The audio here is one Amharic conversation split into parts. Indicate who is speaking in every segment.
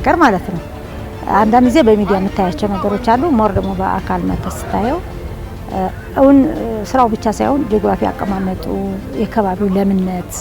Speaker 1: ነገር ማለት ነው። አንዳንድ ጊዜ በሚዲያ የምታያቸው ነገሮች አሉ። ሞር ደግሞ በአካል መጥተህ ስታየው እውን ስራው ብቻ ሳይሆን ጂኦግራፊ አቀማመጡ፣ የከባቢው ለምነት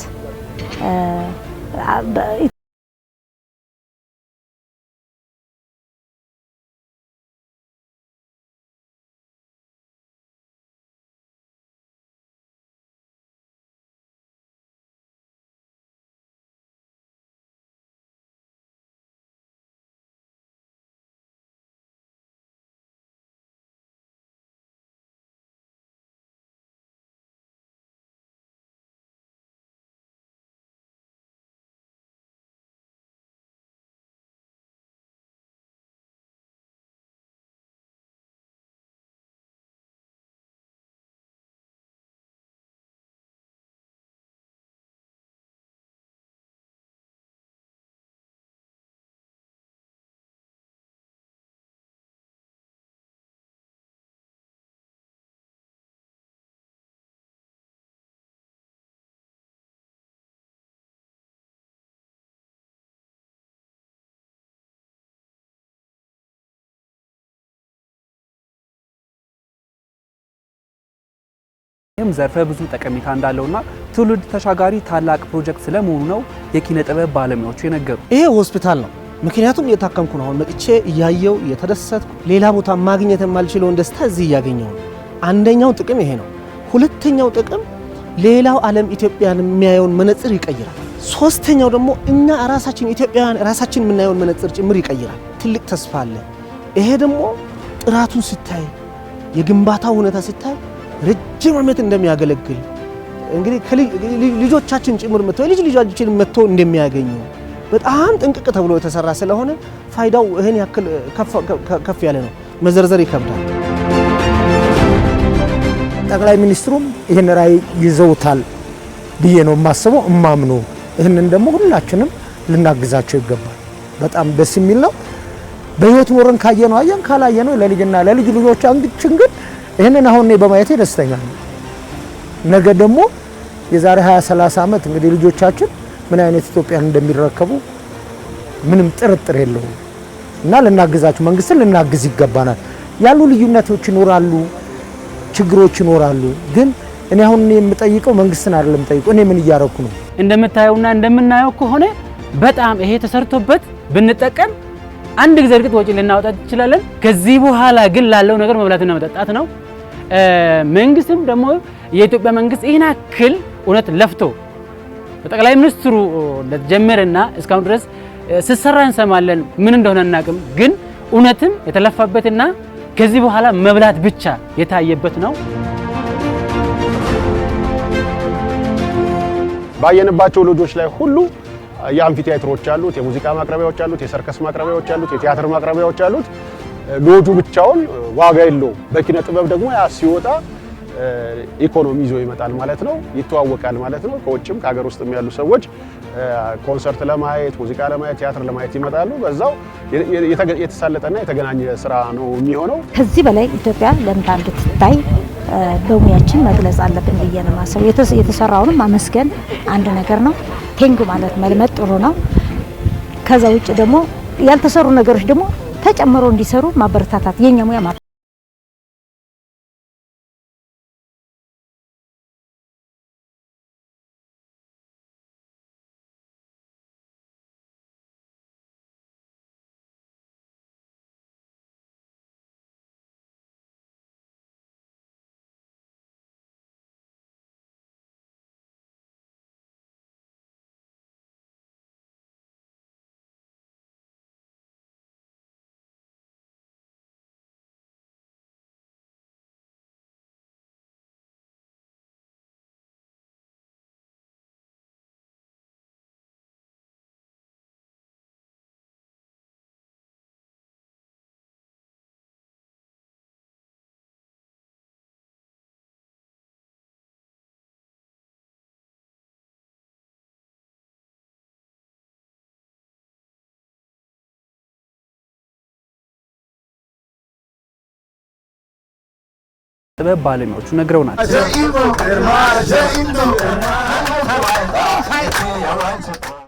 Speaker 2: ይህም ዘርፈ ብዙ ጠቀሜታ እንዳለውና ትውልድ ተሻጋሪ ታላቅ ፕሮጀክት ስለመሆኑ ነው የኪነ ጥበብ ባለሙያዎቹ የነገሩ።
Speaker 3: ይሄ ሆስፒታል ነው። ምክንያቱም እየታከምኩ ነው። አሁን መጥቼ እያየው እየተደሰትኩ፣ ሌላ ቦታ ማግኘት የማልችለውን ደስታ እዚህ እያገኘው ነው። አንደኛው ጥቅም ይሄ ነው። ሁለተኛው ጥቅም ሌላው ዓለም ኢትዮጵያን የሚያየውን መነጽር ይቀይራል። ሶስተኛው ደግሞ እኛ ራሳችን ኢትዮጵያውያን ራሳችን የምናየውን መነጽር ጭምር ይቀይራል። ትልቅ ተስፋ አለ። ይሄ ደግሞ ጥራቱን ስታይ፣ የግንባታው ሁኔታ ስታይ ረጅም ዓመት እንደሚያገለግል እንግዲህ ልጆቻችን ጭምር መጥቶ ልጅ ልጃችን መጥቶ እንደሚያገኙ በጣም ጥንቅቅ ተብሎ የተሰራ ስለሆነ ፋይዳው ይህን ያክል ከፍ ያለ ነው፣ መዘርዘር ይከብዳል።
Speaker 4: ጠቅላይ ሚኒስትሩም ይህን ራዕይ ይዘውታል ብዬ ነው የማስበው እማምኑ። ይህንን ደግሞ ሁላችንም ልናግዛቸው ይገባል። በጣም ደስ የሚል ነው። በህይወት ኖረን ካየነው አየን፣ ካላየነው ለልጅና ለልጅ አንድ ግን ይህንን አሁን እኔ በማየቴ ደስተኛ ነው። ነገ ደግሞ የዛሬ 20 30 ዓመት እንግዲህ ልጆቻችን ምን አይነት ኢትዮጵያን እንደሚረከቡ ምንም ጥርጥር የለውም። እና ልናግዛችሁ፣ መንግስትን ልናግዝ ይገባናል። ያሉ ልዩነቶች ይኖራሉ፣ ችግሮች ይኖራሉ። ግን እኔ አሁን የምጠይቀው መንግስትን አይደለም የምጠይቀው እኔ ምን እያረኩ ነው።
Speaker 5: እንደምታየውና እንደምናየው ከሆነ በጣም ይሄ ተሰርቶበት ብንጠቀም አንድ ጊዜ እርግጥ ወጪ ልናወጣት እንችላለን። ከዚህ በኋላ ግን ላለው ነገር መብላትና መጠጣት ነው። መንግስትም ደግሞ የኢትዮጵያ መንግስት ይህን አክል እውነት ለፍቶ በጠቅላይ ሚኒስትሩ ለጀመረና እስካሁን ድረስ ስሰራ እንሰማለን። ምን እንደሆነ እናቅም፣ ግን እውነትም የተለፋበትና ከዚህ በኋላ መብላት ብቻ የታየበት ነው።
Speaker 6: ባየንባቸው ልጆች ላይ ሁሉ የአምፊቲያትሮች አሉት፣ የሙዚቃ ማቅረቢያዎች አሉት፣ የሰርከስ ማቅረቢያዎች አሉት፣ የቲያትር ማቅረቢያዎች አሉት። ሎጁ ብቻውን ዋጋ የለውም። በኪነ ጥበብ ደግሞ ያ ሲወጣ ኢኮኖሚ ይዞ ይመጣል ማለት ነው፣ ይተዋወቃል ማለት ነው። ከውጭም ከሀገር ውስጥም ያሉ ሰዎች ኮንሰርት ለማየት፣ ሙዚቃ ለማየት፣ ቲያትር ለማየት ይመጣሉ። በዛው የተሳለጠና የተገናኘ ስራ ነው የሚሆነው።
Speaker 1: ከዚህ በላይ ኢትዮጵያ ለምታ እንድትታይ በሙያችን መግለጽ አለብን ብዬ ነው ማሰብ። የተሰራውንም ማመስገን አንድ ነገር ነው። ቴንጉ ማለት መልመድ ጥሩ ነው። ከዛ ውጭ ደግሞ ያልተሰሩ ነገሮች ደግሞ ተጨምሮ እንዲሰሩ ማበረታታት የኛ ሙያ
Speaker 7: ጥበብ ባለሙያዎቹ ነግረውናል። ናቸው